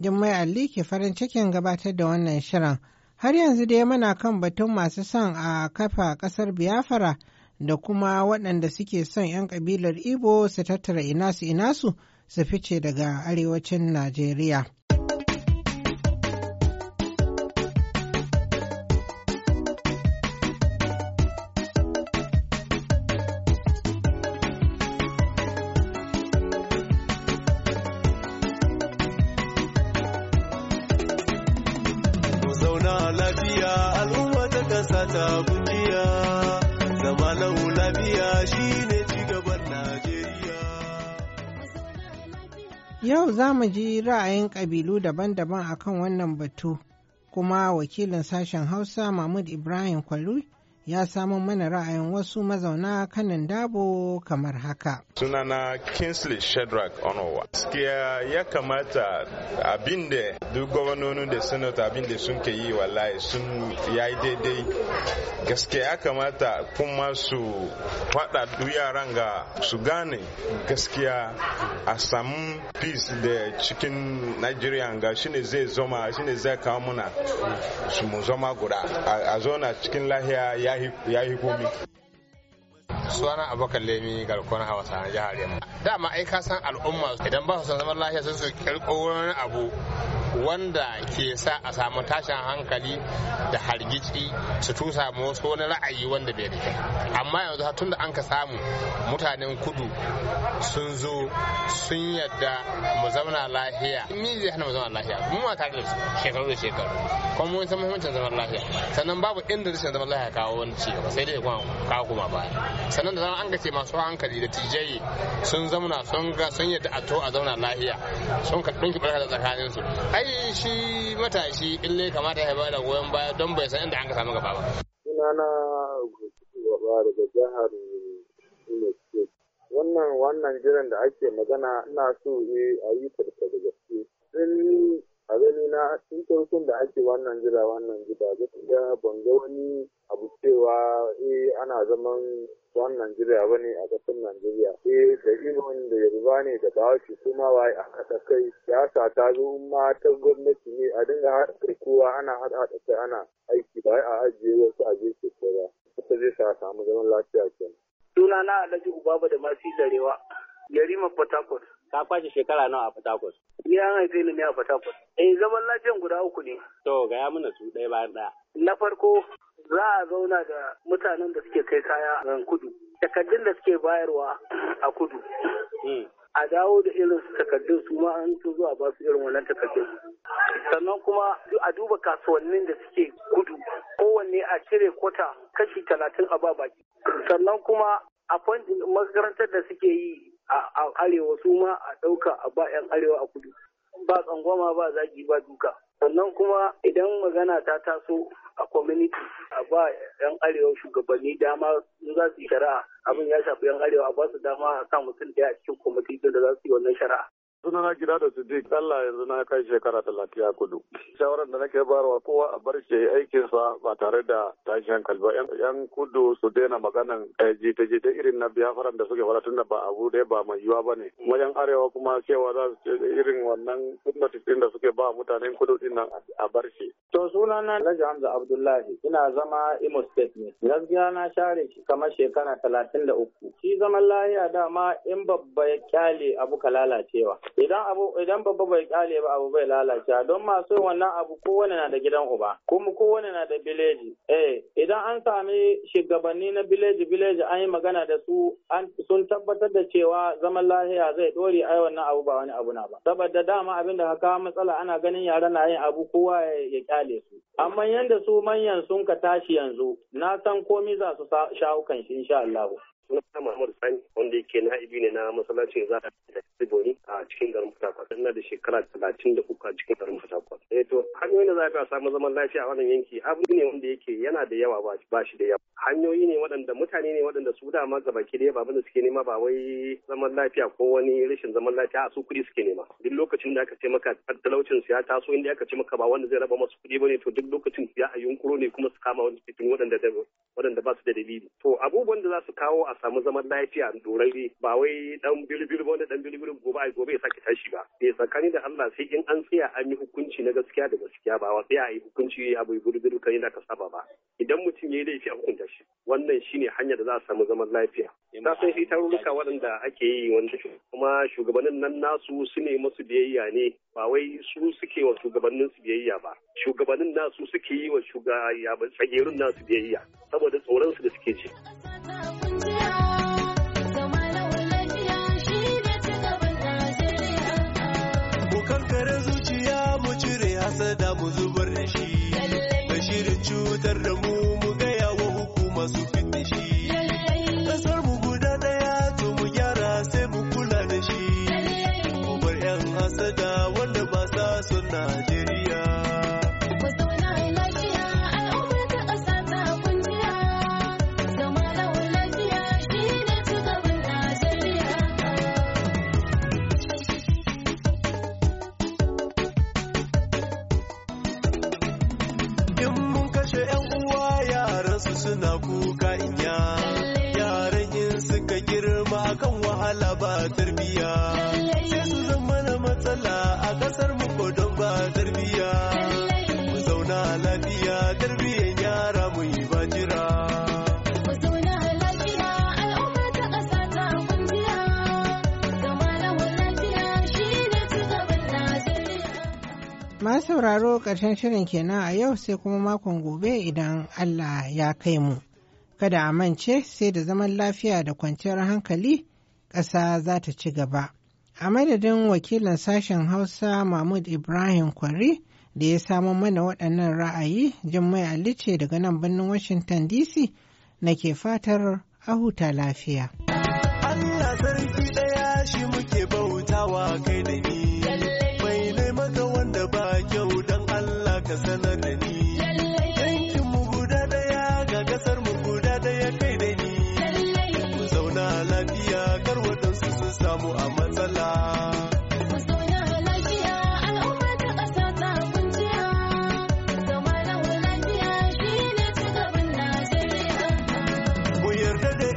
Jummai Alli ke farin cikin gabatar da wannan shirin. Har yanzu dai mana kan batun masu son a kafa ƙasar biyafara da kuma waɗanda suke son 'yan ƙabilar Igbo su tattara inasu inasu su fice daga arewacin Najeriya. mata kujiya zama lahu lafiya shine cigaban Najeriya. Yau za mu ji ra'ayin ƙabilu daban-daban akan wannan batu, kuma wakilin sashen Hausa Mahmud Ibrahim Kwalu ya samo mana ra'ayin wasu mazauna kanin dabo kamar haka. Sunana Kingsley Shadrack Onowa. Gaskiya ya kamata abin da duk gwamnonin da senator abin da sun ke yi wallahi sun yayi daidai. Gaskiya ya kamata kuma su fada yaran ga su gane gaskiya a samu peace da cikin Nigeria ga shine zai zoma shine zai kawo muna su mu zama guda a zona cikin lahiya ya yi komi suna abokan lemi garkon hausa na jihar yamma dama ai ka san al'umma idan ba su san zaman lafiya sun su kirko wani abu wanda ke sa a samu tashin hankali da hargitsi su tusa wasu wani ra'ayi wanda bai rike. amma yanzu tun da an ka samu mutanen kudu sun zo sun yadda mu zauna lahiya mi zai hana mu zauna lahiya mu ma tare da shekaru da shekaru kuma mun san muhimmancin zaman lahiya sannan babu inda rashin zaman lahiya kawo wani ci gaba sai dai ka kawo kuma baya sannan da zama an ce masu hankali da tijjai sun zauna sun ga sun yadda a to a zauna lahiya sun ka dunki barka da tsakanin su ai ai shi matashi in ne kamata ya bada goyon baya don bai san inda an ka samu gaba ba. Sunana gaba daga jihar wannan wannan jiran da ake magana ina so ne a yi farka da gaske. Sun a gani na sun da ake wannan jira wannan jira gaskiya ban ga wani cewa eh ana zaman wani Najeriya ba ne a ƙasar Najeriya. Eh da inuwan da yarba ne da bawashi kuma waye a haɗa kai siyasa ta zo ma ta gwamnati ne a dinga haɗa kai kowa ana haɗa haɗa kai ana aiki ba a ajiye wasu a jefe ko ba. Haka zai sa samu zaman lafiya kenan. na Alhaji Ubaba da Masu Darewa. Yarima Port Harcourt. Ka kwashe shekara nawa a Port Harcourt? an haife ni ne a Port Harcourt. Eh zaman lafiyan guda uku ne. To gaya mana su ɗaya bayan ɗaya. Na farko za a zauna da mutanen da suke kai kaya a kudu takardun da suke bayarwa a kudu hmm. a dawo da irin su takardun su ma an zuwa ba su irin wannan takardun sannan kuma a duba kasuwannin da suke kudu kowanne a cire kwata kashi talatin a ba baki sannan kuma a makarantar da suke yi a arewa su ma a ɗauka a ba 'yan arewa a kudu ba tsangwama ba zagi ba duka sannan kuma idan magana ta taso a community a ba yan arewa shugabanni dama in za su yi shari'a abin ya shafi yan arewa a ba su dama a sa mutum daya a cikin kwamitin da za su yi wannan shari'a sunana gida da siddiq allah yanzu na kai shekara talatin a kudu shawarar da nake bayarwa kowa a bar shi aikinsa ba tare da tashi hankali ba yan kudu su daina maganan eh, jita-jita irin na biyafaran da suke fara tunda ba abu dai ba mai yiwa ba ne wajen arewa kuma cewa za su ce irin wannan gwamnati din da suke ba mutanen kudu din nan a bar shi. to sunana alhaji hamza abdullahi ina zama imo state ne gaskiya na share shi kamar shekara talatin da uku shi zaman lahiya dama in babba ya kyale abu ka lalacewa idan abu idan babba bai kyale ba abu bai lalace don masu wannan abu kowane na da gidan uba kuma kowane na da bileji eh idan an sami shugabanni na bileji bileji an yi magana da su an sun tabbatar da cewa zaman lafiya zai dore ai wannan abu ba wani abu na ba saboda dama abin da haka matsala ana ganin yara na yin abu kowa ya kyale su amma yanda su manyan sun ka tashi yanzu na san komi za su shawo kan shi insha Allah suna Muhammadu Sani wanda yake na'ibi ne na masallacin za a Siboni a cikin garin Fatakwal. Ina da shekara talatin da uku a cikin garin Fatakwal. Eh to hanyoyin da za a samu zaman lafiya a wannan yanki abu ne wanda yake yana da yawa ba shi da yawa. Hanyoyi ne waɗanda mutane ne waɗanda su dama gabaki ɗaya ba da suke nema ba wai zaman lafiya ko wani rashin zaman lafiya a su kuɗi suke nema. Duk lokacin da aka ce maka talaucin su ya taso inda aka ce maka ba wanda zai raba masu kuɗi ba ne to duk lokacin ya a yunkuro ne kuma su kama wani fitin waɗanda ba su da dalili. To abubuwan da za su kawo a samu zaman lafiya dorarre ba wai dan bilbil wanda dan bilbil gobe ai gobe ya sake tashi ba Me eh, tsakani da Allah sai in an tsaya an yi hukunci na gaskiya da gaskiya ba wa tsaya yi hukunci ya bilbil kan yadda ka saba ba idan mutum ya yi laifi a hukunta shi wannan shine hanya da za a samu zaman lafiya na san shi tarurruka waɗanda ake yi wanda kuma shugabannin nan nasu su ne masu biyayya ne ba wai su suke wa shugabannin su biyayya ba shugabannin nasu suke yi wa tsagerun nasu biyayya saboda tsoron su da suke ji. zuciya mu cire hasada mu zubar da shi tarbiya sai su zama na matsala a kasar mu ko don ba tarbiya mu zauna lafiya tarbiyyar yara mu yi ba jira Ma sauraro ƙarshen shirin kenan a yau sai kuma makon gobe idan Allah ya kai mu. Kada a mance sai da zaman lafiya da kwanciyar hankali ƙasa za ta ci gaba. A madadin wakilin sashen Hausa Mahmud Ibrahim Kwari da ya samo mana waɗannan ra'ayi Jummai Ali ce daga nan birnin Washington DC na ke fatar a huta lafiya. Allah sarki ɗaya shi muke bautawa kai da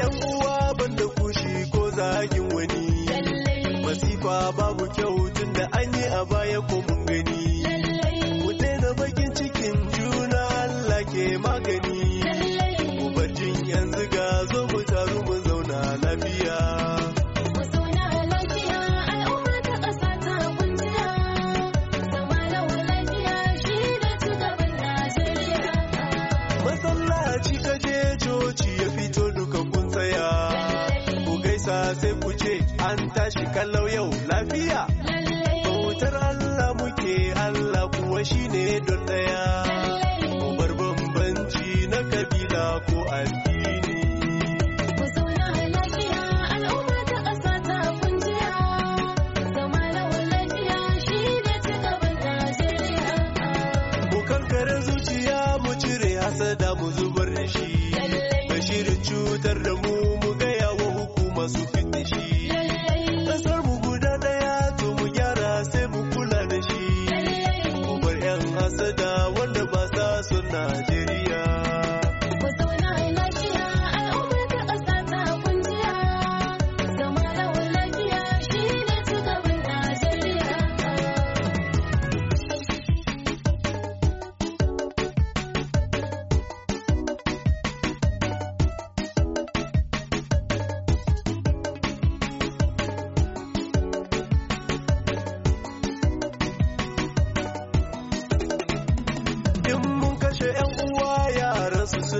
yan uwa banda kushi ko zagin wani masifa babu kyau tunda an yi a baya kuma an tashi kallau yau lafiya bautar Allah muke Allah kuwa ne don ɗaya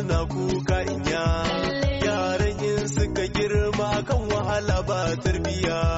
suna kuka inya yaran in suka girma kan wahala ba tarbiyya